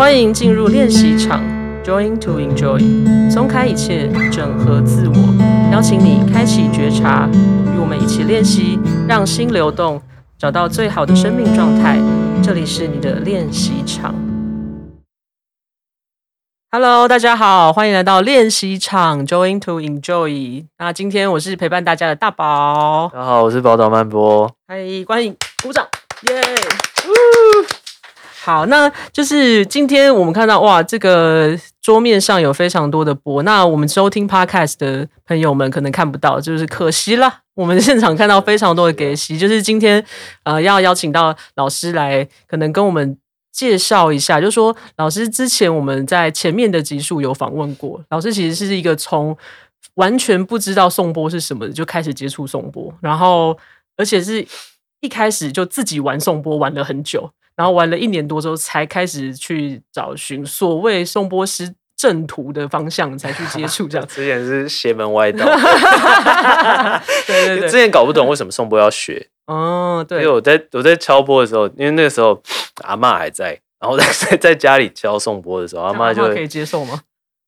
歡迎進入練習場，Join to Enjoy，鬆開一切，整合自我，邀請你開啟覺察，與我們一起練習，讓心流動，找到最好的生命狀態。這裡是你的練習場。Hello，大家好，歡迎來到練習場，Join to Enjoy。那今天我是陪伴大家的大寶。大家好，我是寶島漫缽。嗨，歡迎，鼓掌，耶、yeah!！好，那就是今天我們看到哇，這個桌面上有非常多的缽。那我們收聽 podcast 的朋友們可能看不到，就是可惜啦，我們現場看到非常多的 g 息，就是今天呃要邀請到老師來，可能跟我們介紹一下，就是、說老師之前我們在前面的集數有訪問過老師，其實是一個從完全不知道頌缽是什麼的，就開始接觸頌缽，然後而且是一開始就自己玩頌缽玩了很久。然後玩了一年多之後，才開始去找尋所謂頌缽師正途的方向，才去接觸這樣。 之前是邪門歪道 對，對，對，對之前搞不懂為什麼頌缽要學哦、oh，因為我在我在，敲的在，我在，在敲缽的時候，因為那個時候阿嬤還在，然後在在家裡敲頌缽的時候，阿嬤就可以接受嗎？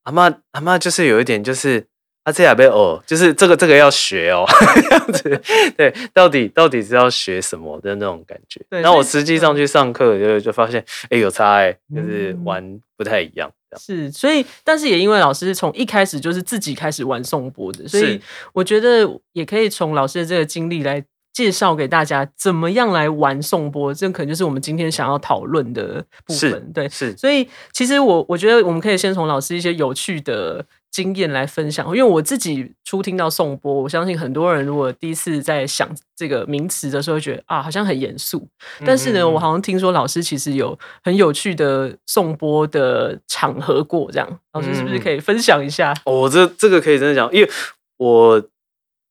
阿嬤阿嬤就是有一點就是。他、啊、這也也被哦，就是這個這個要學哦，這樣子，對， 到底到底是要學什麼的那種感覺。然後我實際上去上課就就發現，哎，有差哎，就是玩不太一樣。樣是，所以但是也因為老師是從一開始就是自己開始玩頌缽的，所以我覺得也可以從老師的這個經歷來介紹給大家怎麼樣來玩頌缽，這可能就是我們今天想要討論的部分。對，是，所以其實我我覺得我們可以先從老師一些有趣的。經驗來分享，因為我自己初聽到頌缽，我相信很多人如果第一次在想這個名詞的時候，覺得啊好像很嚴肅。但是呢，我好像聽說老師其實有很有趣的頌缽的場合過，這樣老師是不是可以分享一下？我、嗯哦、這這個可以真的講，因為我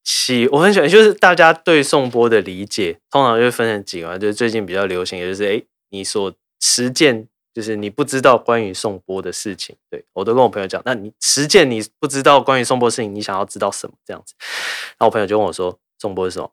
喜我很喜歡，就是大家對頌缽的理解通常就分成幾個，就最近比較流行，也就是哎、欸，你所實踐。就是你不知道關於頌缽的事情，對我都跟我朋友講。那你實踐你不知道關於頌缽的事情，你想要知道什麼這樣子？然後我朋友就問我說：“頌缽是什麼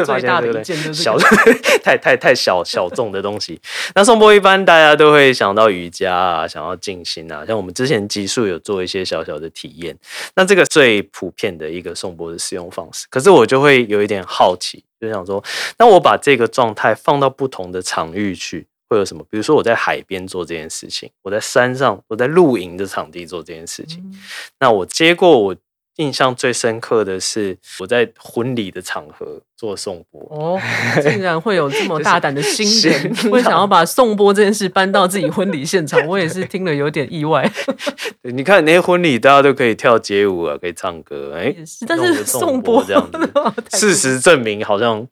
？”最大的一件就是小 太太太小小眾的東西。 那頌缽一般大家都會想到瑜伽啊，想要靜心啊。像我們之前集數有做一些小小的體驗，那這個最普遍的一個頌缽的使用方式。可是我就會有一點好奇，就想說，那我把這個狀態放到不同的場域去。會有什麼？比如說，我在海邊做這件事情，我在山上，我在露營的場地做這件事情、嗯。那我接過我印象最深刻的是，我在婚禮的場合做頌缽。哦， 竟然會有這麼大膽的新人、就是，會想要把頌缽這件事搬到自己婚禮現場， 我也是聽了有點意外。 你看那些婚禮，大家都可以跳街舞啊，可以唱歌，哎，但是頌缽這樣事實證明好像。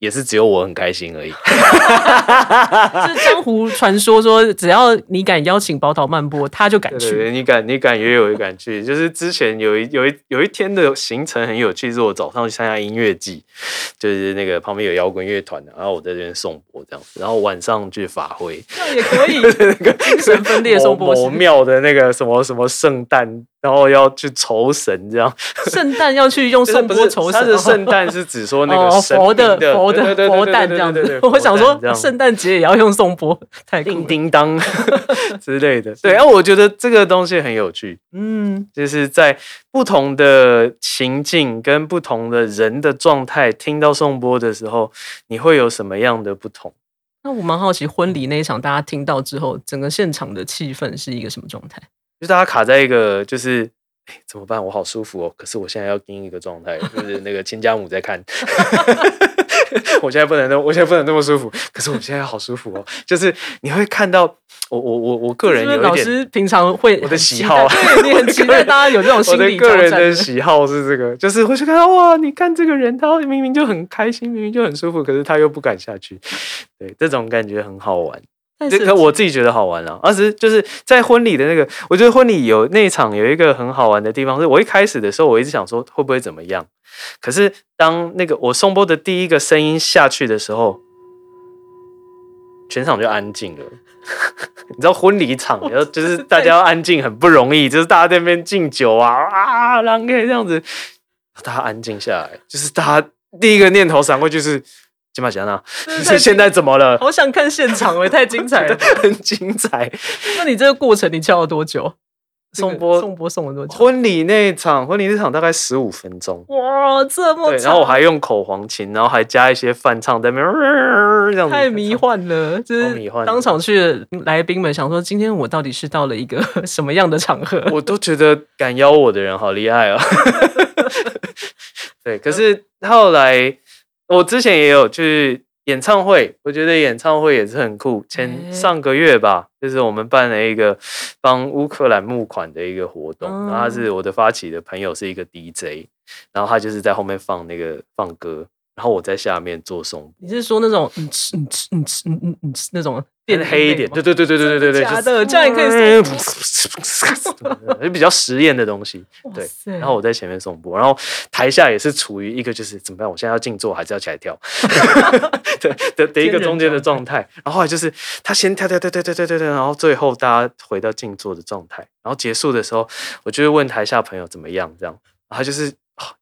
也是只有我很開心而已。就江湖傳說說，只要你敢邀請寶島漫缽，他就敢去。你敢，你敢，也有一敢去。 就是之前有一有一有一天的行程很有趣，是我早上去參加音樂祭，就是那個旁邊有搖滾樂團的，然後我在這邊頌缽這樣子，然後晚上去法會，這樣也可以。 那個精神分裂頌缽神廟的那個什麼什麼聖誕。然後要去酬神。這樣聖誕要去用頌缽酬 神。他的聖誕是指說那個神的，哦，佛的佛的佛誕這樣子。我想說聖誕節也要用頌缽，叮叮噹 之類的、的。對，啊，我覺得這個東西很有趣。嗯，就是在不同的情境跟不同的人的狀態，聽到頌缽的時候，你會有什麼樣的不同？那我蠻好奇婚禮那一場，大家聽到之後，整個現場的氣氛是一個什麼狀態？就大家卡在一個，就是、欸、怎麼辦？我好舒服哦，可是我現在要盯一個狀態，就是那個親家母在看， 我現在不能，我現在不能那麼舒服，可是我現在好舒服哦。就是你會看到我，我我我我個人有點，是是老師平常會我的喜好啊，你很期待大家有這種心理， 我，個人， 我個人的喜好是這個，就是會去看到，哇，你看這個人，他明明就很開心，明明就很舒服，可是他又不敢下去，對，這種感覺很好玩。這個我自己覺得好玩啊。啊、當時就是在婚禮的那個，我覺得婚禮有那一場有一個很好玩的地方，是我一開始的時候我一直想說會不會怎麼樣，可是當那個我頌缽的第一個聲音下去的時候，全場就安靜了。 你知道婚禮場要 就是大家要安靜很不容易，就是大家在那邊敬酒啊啊，然後可以這樣子，大家安靜下來，就是大家第一個念頭閃過就是。喜馬峽呢？是現在怎麼了？好想看現場哦，欸，太精彩了， 很精彩。那你這個過程你跳了多久？頌缽、這個、頌缽送了多久？婚禮那場，婚禮那場大概十五分鐘。哇，這麼久。然後我還用口簧琴，然後還加一些翻唱在那邊，太迷幻了，就是當場去來賓們想說，今天我到底是到了一個什麼樣的場合？我都覺得敢邀我的人好厲害啊，哦。 對，可是後來。Okay. 我之前也有去演唱會，我覺得演唱會也是很酷。前上個月吧，欸、就是我們辦了一個幫烏克蘭募款的一個活動，嗯、然後他是我的發起的朋友是一個 DJ，然後他就是在後面放那個放歌，然後我在下面做頌缽。你是說那種你吃你吃你吃你你你吃那種？變黑一點，對對對對對對對對，對，假的，這樣也可以頌缽，就比較實驗的東西。對，然後我在前面頌缽，然後台下也是處於一個就是怎麼辦？我現在要靜坐還是要起來跳？哈哈哈，對，一個中間的狀態，然後來就是他先跳跳跳跳跳跳跳，然後最後大家回到靜坐的狀態，然後結束的時候，我就會問台下朋友怎麼樣，這樣，然後就是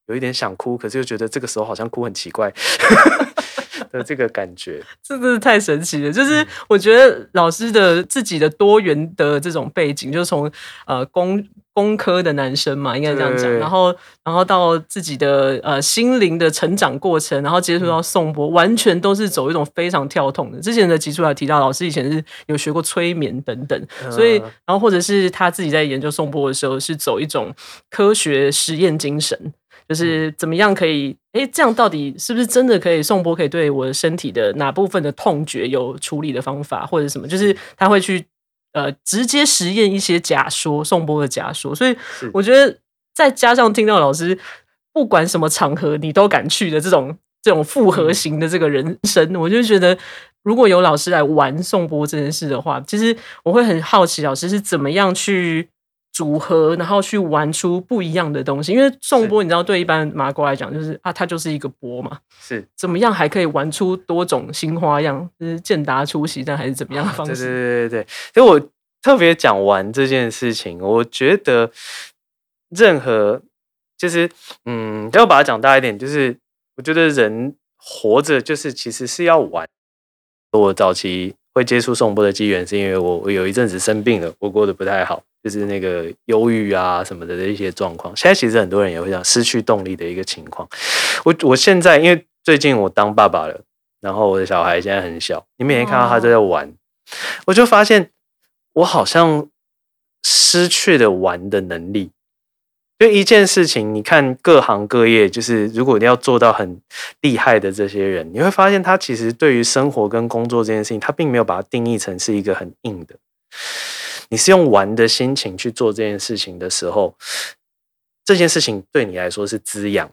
有一點想哭，可是又覺得這個時候好像哭很奇怪。 的這個感覺是 不是太神奇了？就是我覺得老師的自己的多元的這種背景，嗯、就從呃工工科的男生嘛，應該這樣講，對對對對，然後然後到自己的呃心靈的成長過程，然後接觸到頌缽，嗯、完全都是走一種非常跳 tone 的。之前的集數還提到，老師以前是有學過催眠等等，所以然後或者是他自己在研究頌缽的時候，是走一種科學實驗精神。就是怎麼樣可以？哎、欸，這樣到底是不是真的可以？頌缽可以對我的身體的哪部分的痛覺有處理的方法，或者什麼？就是他會去呃直接實驗一些假說，頌缽的假說。所以我覺得再加上聽到老師不管什麼場合你都敢去的這種這種複合型的這個人生，嗯，我就覺得如果有老師來玩頌缽這件事的話，其實我會很好奇老師是怎麼樣去。組合，然後去玩出不一樣的東西。因為頌缽，你知道，對一般麻瓜來講，就是啊，它就是一個缽嘛，是怎麼樣還可以玩出多種新花樣，就是劍拔出息但還是怎麼樣的方式、啊？對對對對對。所以我特別講玩這件事情，我覺得任何就是嗯，要把它講大一點，就是我覺得人活着就是其實是要玩。我早期。會接觸頌缽的機緣，是因為我我有一陣子生病了，我過得不太好，就是那個憂鬱啊什麼的的一些狀況。現在其實很多人也會這樣，失去動力的一個情況。我我現在因為最近我當爸爸了，然後我的小孩現在很小，你每天看到他都在玩，哦，我就發現我好像失去了玩的能力。就一件事情，你看各行各業，就是如果你要做到很厲害的這些人，你會發現他其實對於生活跟工作這件事情，他並沒有把它定義成是一個很硬的。你是用玩的心情去做這件事情的時候，這件事情對你來說是滋養。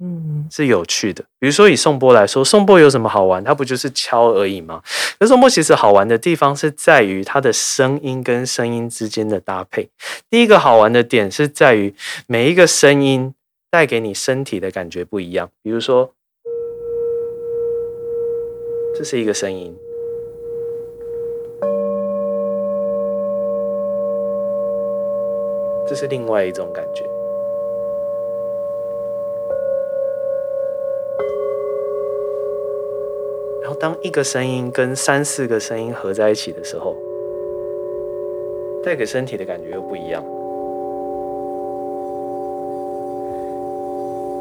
嗯，是有趣的。比如說以頌缽來說，頌缽有什麼好玩？它不就是敲而已嗎？可是頌缽其實好玩的地方是在於它的聲音跟聲音之間的搭配。第一個好玩的點是在於每一個聲音帶給你身體的感覺不一樣。比如說，這是一個聲音，這是另外一種感覺。然後當一個聲音跟三四個聲音合在一起的時候，帶給身體的感覺又不一樣。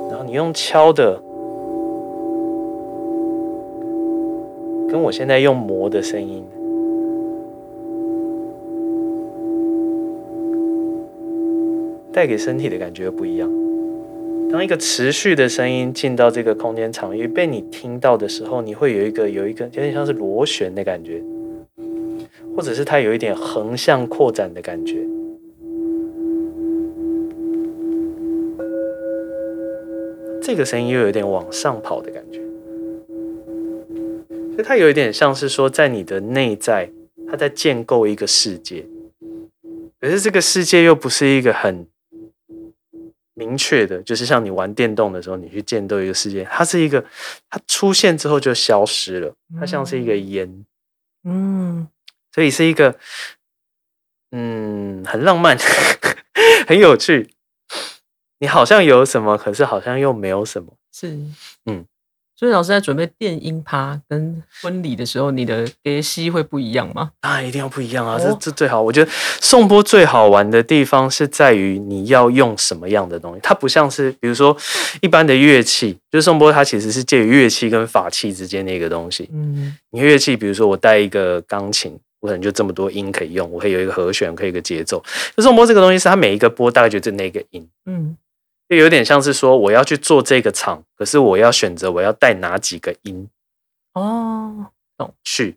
然後你用敲的，跟我現在用磨的聲音，帶給身體的感覺又不一樣。當一個持續的聲音進到這個空間場域被你聽到的時候，你會有一個有一個有點像是螺旋的感覺，或者是它有一點橫向擴展的感覺。這個聲音又有一點往上跑的感覺，所以它有一點像是說，在你的內在，它在建構一個世界，可是這個世界又不是一個很。明確的，就是像你玩電動的時候，你去建構一個世界，它是一個，它出現之後就消失了，它像是一個煙，嗯，嗯，所以是一個，嗯，很浪漫， 很有趣，你好像有什麼，可是好像又沒有什麼，是，嗯。所以老師在準備電音趴跟婚禮的時候，你的 A C 會不一樣嗎？啊，一定要不一樣啊！Oh. 這這最好，我覺得頌缽最好玩的地方是在於你要用什麼樣的東西。它不像是比如說一般的樂器，就是頌缽，它其實是介於樂器跟法器之間的一個東西。嗯，你樂器，比如說我帶一個鋼琴，我可能就這麼多音可以用，我可以有一個和弦，可以有一個節奏。就頌缽這個東西，是它每一個波大概就是那個音。嗯。就有點像是說，我要去做這個場，可是我要選擇我要帶哪幾個音哦、oh.，去，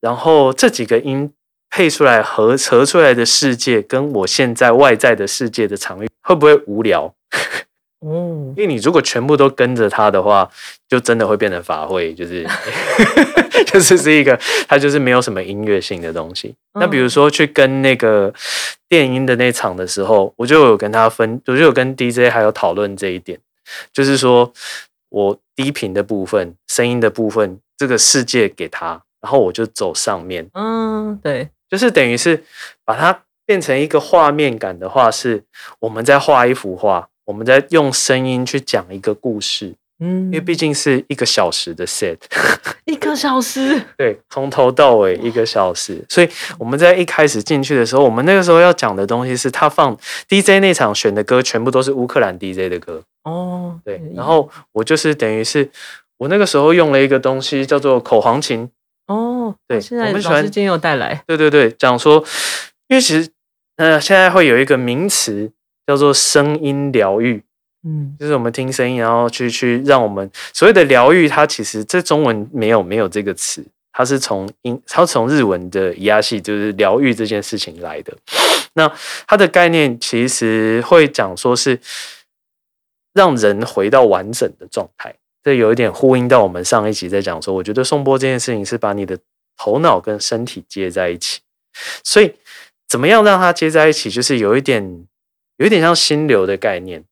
然後這幾個音配出來合合出來的世界，跟我現在外在的世界的場域，會不會無聊？ 嗯，因為你如果全部都跟着他的話，就真的會變成法會，就是， 就是是、這、一個，他就是沒有什麼音樂性的東西。那比如說去跟那個電音的那場的時候，我就有跟他分，我就有跟 DJ 還有討論這一點，就是說我低頻的部分、聲音的部分，這個世界給他，然後我就走上面。嗯，對，就是等於是把它變成一個畫面感的話，是我們在畫一幅畫。我們在用聲音去講一個故事，嗯，因為畢竟是一個小時的 set，一個小時， 對，從頭到尾一個小時，所以我們在一開始進去的時候，我們那個時候要講的東西是，他放 DJ 那場選的歌全部都是烏克蘭 DJ 的歌，哦，對，嗯、然後我就是等於是我那個時候用了一個東西叫做口簧琴，哦，對，啊、對現在小時間又帶來，對對對，講說，因為其實呃現在會有一個名詞。叫做聲音療癒，嗯，就是我們聽聲音，然後去去讓我們所謂的療癒，它其實這中文沒有沒有這個詞，它是從英，它是從日文的伊呀系，就是療癒這件事情來的。那它的概念其實會講說是讓人回到完整的狀態，這有一點呼應到我們上一集在講說，我覺得頌缽這件事情是把你的頭腦跟身體接在一起，所以怎麼樣讓它接在一起，就是有一點。有點像心流的概念，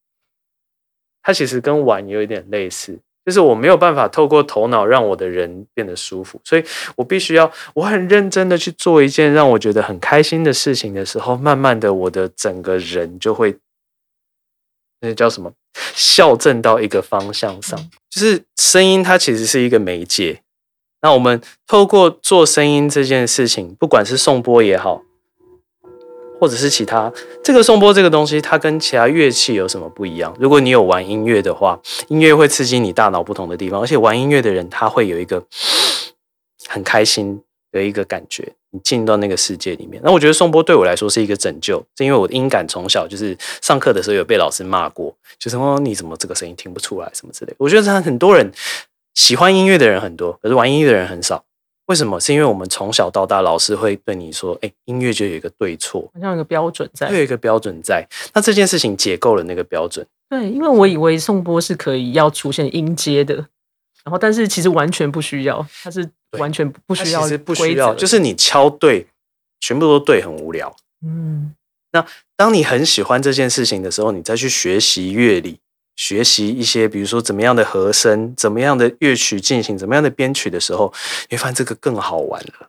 它其實跟玩有一點類似，就是我沒有辦法透過頭腦讓我的人變得舒服，所以我必須要我很認真的去做一件讓我覺得很開心的事情的時候，慢慢的我的整個人就會，那叫什麼？校正到一個方向上，就是聲音它其實是一個媒介，那我們透過做聲音這件事情，不管是頌缽也好，或者是其他這個頌缽這個東西，它跟其他樂器有什麼不一樣？如果你有玩音樂的話，音樂會刺激你大腦不同的地方，而且玩音樂的人他會有一個很開心的一個感覺。你進到那個世界裡面，那我覺得頌缽對我來說是一個拯救，是因為我音感從小就是上課的時候有被老師罵過，就是哦，你怎麼這個聲音聽不出來什麼之類。我覺得他很多人喜歡音樂的人很多，可是玩音樂的人很少。為什麼？是因為我們從小到大，老師會對你說：“誒、欸、音樂就有一個對錯，好像有一個標準在。”有一個標準在。那這件事情解構了那個標準。對，因為我以為頌缽是可以要出現音階的，然後但是其實完全不需要，它是完全不需要規則的，其實不需要，就是你敲對，全部都對，很無聊。嗯，那當你很喜歡這件事情的時候，你再去學習樂理。學習一些，比如說怎麼樣的和聲，怎麼樣的樂曲進行，怎麼樣的編曲的時候，你會發現這個更好玩了。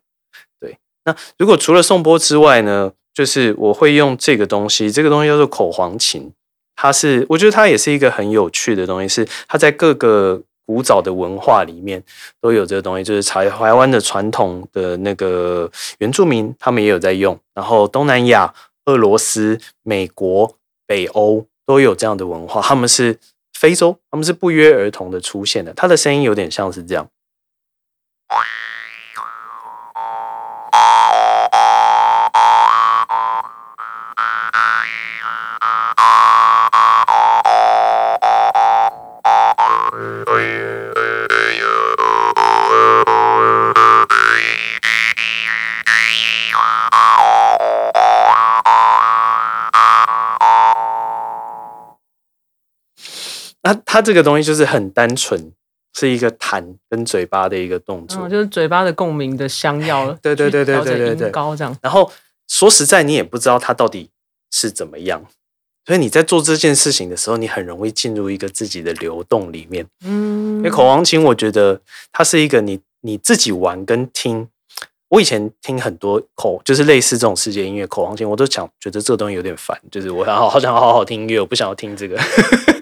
對，那如果除了頌缽之外呢，就是我會用這個東西，這個東西叫做口簧琴，它是我覺得它也是一個很有趣的東西，是它在各個古早的文化裡面都有這個東西，就是台台灣的傳統的那個原住民他們也有在用，然後東南亞、俄羅斯、美國、北歐。都有這樣的文化，他們是非洲，他們是不約而同的出現的。他的聲音有點像是這樣。它它這個東西就是很單純，是一個彈跟嘴巴的一個動作，哦、就是嘴巴的共鳴的香藥了。 對對對對對對高這樣。然後說實在，你也不知道它到底是怎麼樣，所以你在做這件事情的時候，你很容易進入一個自己的流動裡面。嗯，因為口簧琴，我覺得它是一個你你自己玩跟聽。我以前聽很多口，就是類似這種世界音樂口簧琴，我都想覺得這個東西有點煩，就是我好好想好好聽音樂，我不想要聽這個。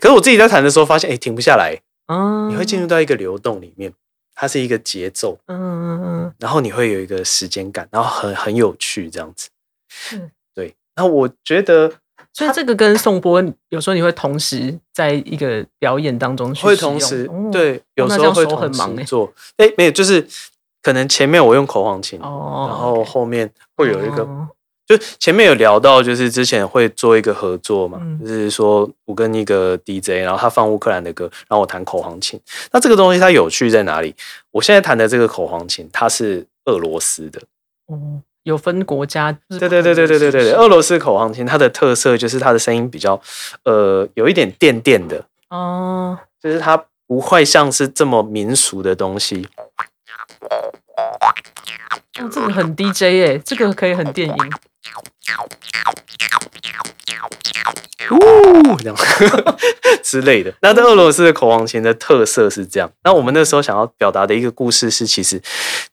可是我自己在彈的時候，發現哎、欸，停不下來，啊、嗯，你會進入到一個流動裡面，它是一個節奏，嗯嗯嗯，然後你會有一個時間感，然後很很有趣這樣子，是，對，那我覺得，所以這個跟頌缽有時候你會同時在一個表演當中去會同時、哦、對，有時候會時、哦、很忙做，哎、欸欸，沒有，就是可能前面我用口簧琴、哦，然後後面會有一個。哦就前面有聊到，就是之前會做一個合作嘛,就是說我跟一個 DJ，然後他放烏克蘭的歌，然後我彈口簧琴。那這個東西它有趣在哪裡？我現在彈的這個口簧琴，它是俄羅斯的。哦，有分國家。對對對對對對對對。俄羅斯口簧琴它的特色就是它的聲音比較，呃，有一點電電的。哦。就是它不會像是這麼民俗的東西。哦，這個很 DJ 哎、欸，這個可以很電音，嗚、哦，這 樣之類的。那在俄羅斯的口簧琴的特色是這樣。那我們那時候想要表達的一個故事是，其實，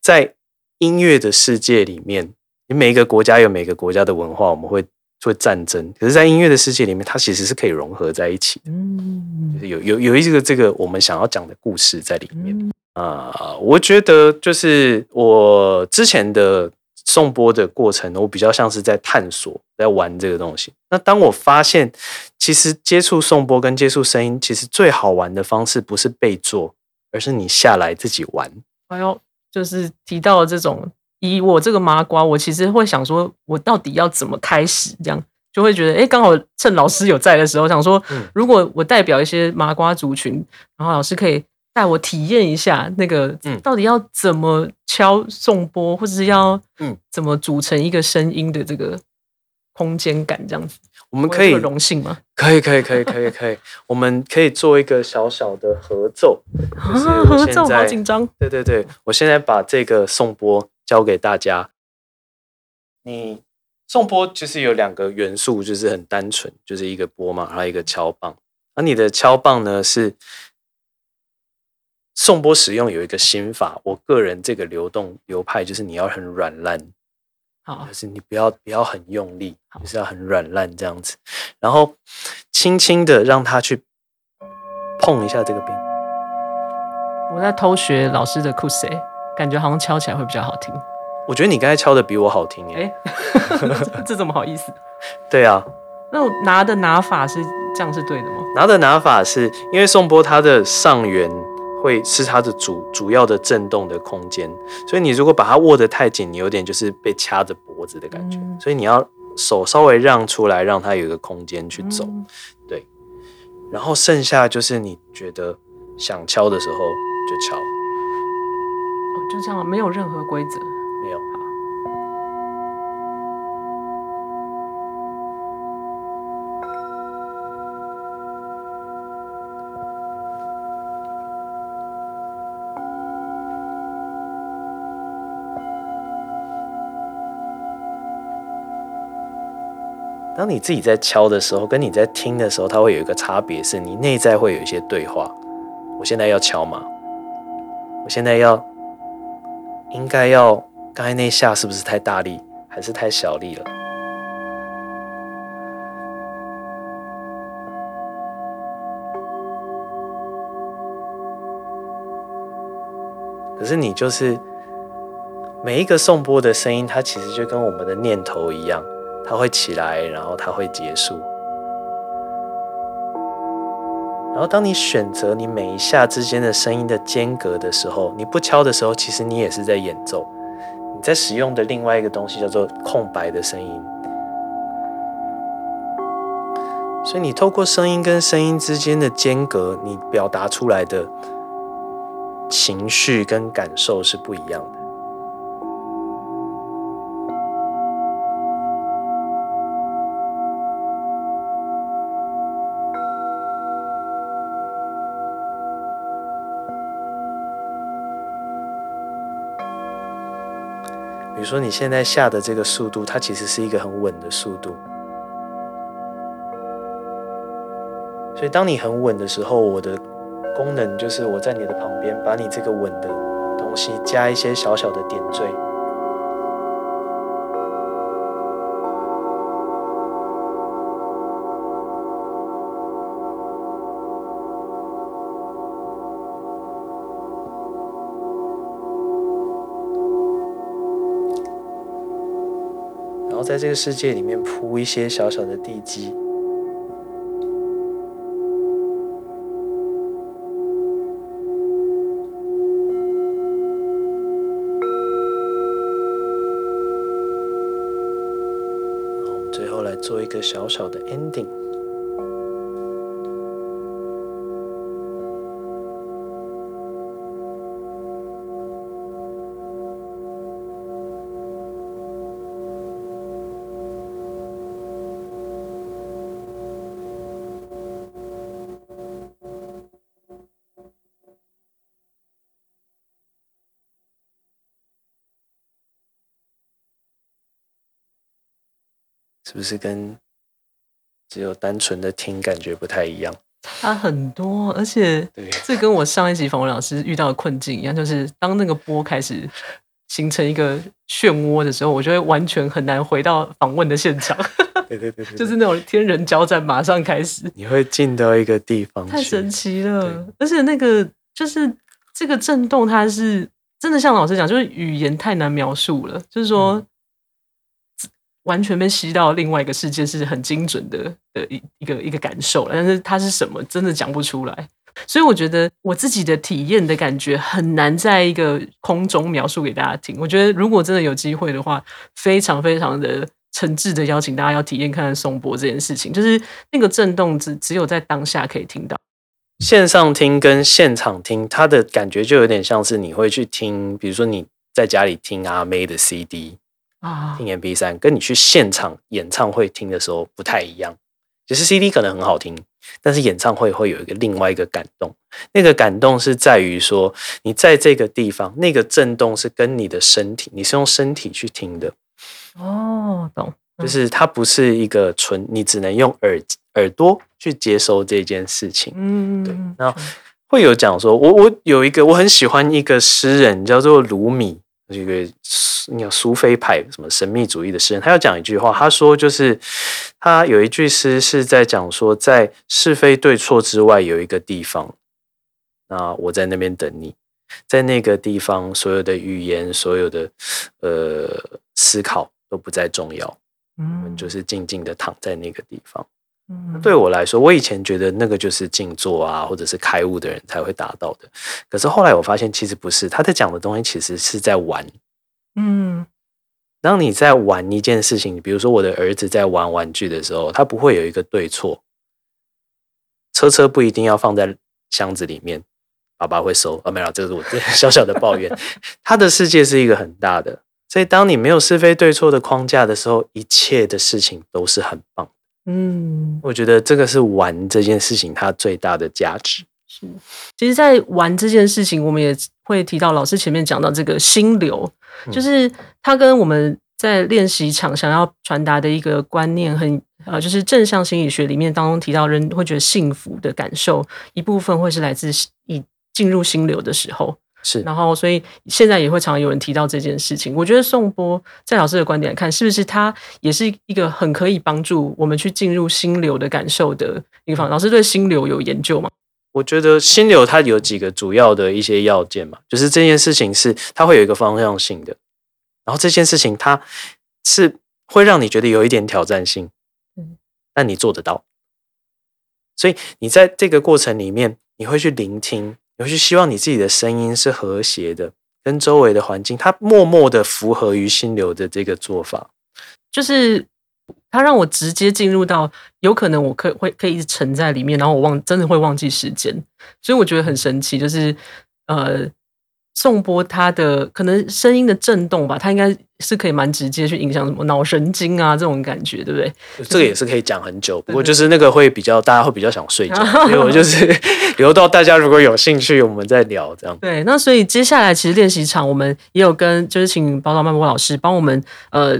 在音樂的世界裡面，你每一個國家有每個國家的文化，我們會會戰爭，可是，在音樂的世界裡面，它其實是可以融合在一起的。嗯、就是，有有有一個這個我們想要講的故事在裡面。嗯啊、uh，我覺得就是我之前的頌缽的過程，我比較像是在探索，在玩這個東西。那當我發現，其實接觸頌缽跟接觸聲音，其實最好玩的方式不是被做，而是你下來自己玩。那、哎、要就是提到這種，以我這個麻瓜，我其實會想說，我到底要怎麼開始？這樣就會覺得，哎，剛好趁老師有在的時候，想說，如果我代表一些麻瓜族群，然後老師可以。帶我體驗一下那個，嗯，到底要怎麼敲頌缽，或者是要，嗯，怎麼組成一個聲音的這個空間感，這樣子，我們可以榮幸嗎？可以，可以，可以，可以，可以，我們可以做一個小小的合奏。就是、合奏好緊張，對對對，我現在把這個頌缽交給大家。你頌缽其實有兩個元素，就是很單純，就是一個缽嘛，還有一個敲棒。而、啊、你的敲棒呢是。頌缽使用有一個心法，我個人這個流動流派就是你要很軟爛，好，就是你不要不要很用力，就是要很軟爛這樣子，然後輕輕的讓它去碰一下這個邊。我在偷學老師的酷 C，感覺好像敲起來會比較好聽。我覺得你剛才敲的比我好聽耶。哎、欸， 這怎麼好意思？ 對啊，那我拿的拿法是這樣是對的嗎？拿的拿法是因為頌缽他的上緣。會是它的主主要的震動的空間，所以你如果把它握得太緊，你有點就是被掐着脖子的感覺，嗯，所以你要手稍微讓出來，讓它有一個空間去走，嗯，對。然後剩下就是你覺得想敲的時候就敲，哦，就這樣，沒有任何規則。當你自己在敲的時候，跟你在聽的時候，它會有一個差別，是你內在會有一些對話。我現在要敲嗎？我現在要，應該要？剛才那下是不是太大力，還是太小力了？可是你就是每一個頌缽的聲音，它其實就跟我們的念頭一樣。它會起來，然後它會結束。然後，當你選擇你每一下之間的聲音的間隔的時候，你不敲的時候，其實你也是在演奏。你在使用的另外一個東西叫做空白的聲音。所以，你透過聲音跟聲音之間的間隔，你表達出來的情緒跟感受是不一樣的。比如說你現在下的這個速度，它其實是一個很穩的速度。所以當你很穩的時候，我的功能就是我在你的旁邊，把你這個穩的東西加一些小小的點綴。在這個世界裡面鋪一些小小的地基，然後最後來做一個小小的 ending。是跟只有單純的聽感覺不太一樣，差很多，而且這跟我上一集訪問老師遇到的困境一樣，就是當那個波開始形成一個漩渦的時候，我就會完全很難回到訪問的現場。 對，對對對，就是那種天人交戰，馬上開始，你會進到一個地方，太神奇了。而且那個就是這個震動，它是真的，像老師講，就是語言太難描述了，就是說。嗯完全被吸到另外一個世界，是很精準的的一一個一個，一個感受，但是它是什麼真的講不出來，所以我覺得我自己的體驗的感覺很難在一個空中描述給大家聽。我覺得如果真的有機會的話，非常非常的誠摯的邀請大家要體驗看看頌缽這件事情，就是那個震動只只有在當下可以聽到。線上聽跟現場聽，它的感覺就有點像是你會去聽，比如說你在家裡聽阿妹的 CD。啊、oh.，聽 MP3，跟你去現場演唱會聽的時候不太一樣。其實 CD 可能很好聽，但是演唱會會有一個另外一個感動，那個感動是在於說，你在這個地方，那個震動是跟你的身體，你是用身體去聽的。哦，懂，就是它不是一個純，你只能用耳耳朵去接收這件事情。嗯、mm -hmm.，對。然後會有講說，我我有一個我很喜歡一個詩人叫做魯米。就是、一個你看蘇菲派什麼神秘主義的詩人，他要講一句話，他說就是他有一句詩是在講說，在是非對錯之外有一個地方，那我在那邊等你，在那個地方，所有的語言，所有的呃思考都不再重要，嗯，就是靜靜的躺在那個地方。對我來說，我以前覺得那個就是靜坐啊，或者是開悟的人才會達到的。可是後來我發現，其實不是。他在講的東西，其實是在玩。嗯，當你在玩一件事情，比如說我的兒子在玩玩具的時候，他不會有一個對錯。車車不一定要放在箱子裡面，爸爸會收。啊、哦，沒有，這是我小小的抱怨。 他的世界是一個很大的。所以當你沒有是非對錯的框架的時候，一切的事情都是很棒。嗯，我覺得這個是玩這件事情它最大的價值。是，其實，在玩這件事情，我們也會提到老師前面講到這個心流，就是他跟我們在練習場想要傳達的一個觀念很，很、嗯、呃，就是正向心理學裡面當中提到，人會覺得幸福的感受，一部分會是來自已進入心流的時候。是，然後所以現在也會常有人提到這件事情。我覺得頌缽在老師的觀點看，是不是它也是一個很可以幫助我們去進入心流的感受的地方？老師對心流有研究嗎？我覺得心流它有幾個主要的一些要件嘛，就是這件事情是它會有一個方向性的，然後這件事情它是會讓你覺得有一點挑戰性，嗯，但你做得到，所以你在這個過程裡面你會去聆聽。尤其希望你自己的聲音是和諧的，跟周圍的環境，它默默的符合於心流的這個做法，就是它讓我直接進入到，有可能我可會可以一直沉在裡面，然後我忘真的會忘記時間，所以我覺得很神奇，就是呃。頌缽它的可能聲音的震動吧，它應該是可以蠻直接去影響什麼腦神經啊這種感覺，對不對？這個也是可以講很久， 對對對，不過就是那個會比較大家會比較想睡覺， 所以我就是留到大家如果有興趣，我們再聊這樣。對，那所以接下來其實練習場我們也有跟就是請寶島漫缽老師幫我們呃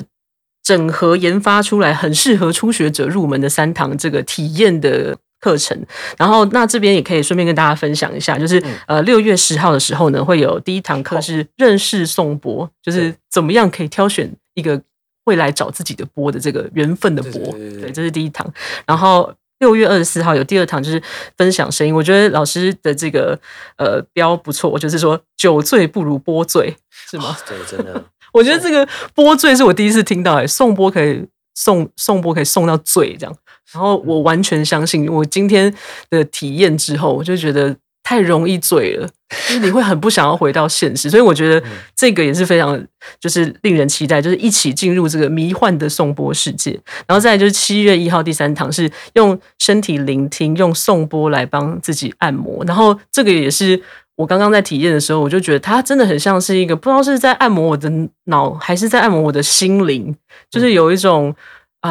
整合研發出來很適合初學者入門的三堂這個體驗的課程，然後那這邊也可以順便跟大家分享一下，就是呃六月十號的時候呢，嗯、會有第一堂課是認識頌缽，就是怎麼樣可以挑選一個會來找自己的缽的這個緣分的缽，對，這是第一堂。然後六月二十四號有第二堂，就是分享聲音。我覺得老師的這個呃標不錯，就是說酒醉不如缽醉，是嗎？對，真的。 我覺得這個缽醉是我第一次聽到，哎，頌缽可以頌頌缽可以頌到醉這樣。然後我完全相信我今天的體驗之後，我就覺得太容易醉了，就是你會很不想要回到現實。所以我覺得這個也是非常就是令人期待，就是一起進入這個迷幻的頌缽世界。然後再來就是七月一號第三堂是用身體聆聽，用頌缽來幫自己按摩。然後這個也是我剛剛在體驗的時候，我就覺得它真的很像是一個不知道是在按摩我的腦，還是在按摩我的心靈，就是有一種。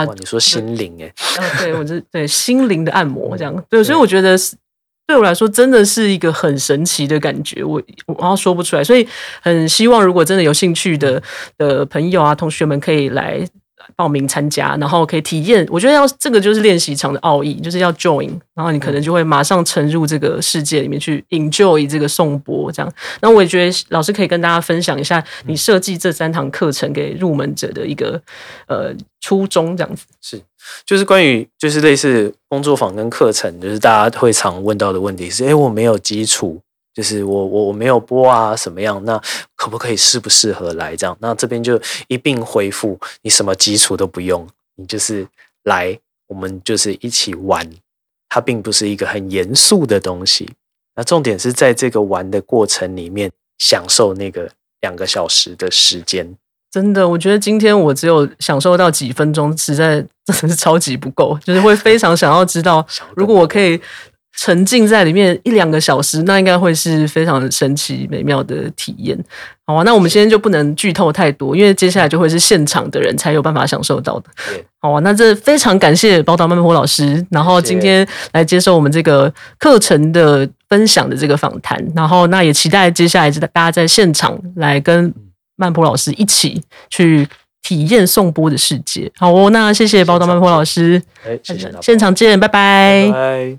你說心靈哎、欸， 對，我就對心靈的按摩這樣，對，所以我覺得對我來說真的是一個很神奇的感覺，我好像說不出來，所以很希望如果真的有興趣的的朋友啊，同學們可以來。報名參加，然後可以體驗。我覺得要這個就是練習場的奧義，就是要 join，然後你可能就會馬上沉入這個世界裡面去 enjoy 這個頌缽這樣。那我也覺得老師可以跟大家分享一下，你設計這三堂課程給入門者的一個、嗯、呃初衷，這樣子是就是關於就是類似工作坊跟課程，就是大家會常問到的問題是：欸，我沒有基礎。就是我我我沒有缽啊，什麼樣？那可不可以適不適合來這樣？那這邊就一併回復你，什麼基礎都不用，你就是來，我們就是一起玩，它並不是一個很嚴肅的東西。那重點是在這個玩的過程裡面，享受那個兩個小時的時間。真的，我覺得今天我只有享受到幾分鐘，實在真的是超級不夠，就是會非常想要知道， 如果我可以。沉浸在裡面一兩個小時，那應該會是非常神奇美妙的體驗。好啊，那我們今天就不能劇透太多，因為接下來就會是現場的人才有辦法享受到的。Yeah. 好啊，那這非常感謝寶島漫缽老師，然後今天來接受我們這個課程的分享的這個訪談，然後那也期待接下來大家在現場來跟漫缽老師一起去體驗頌缽的世界。好哦，那謝謝寶島漫缽老師，哎、欸，謝謝，現場見，拜，拜，拜拜。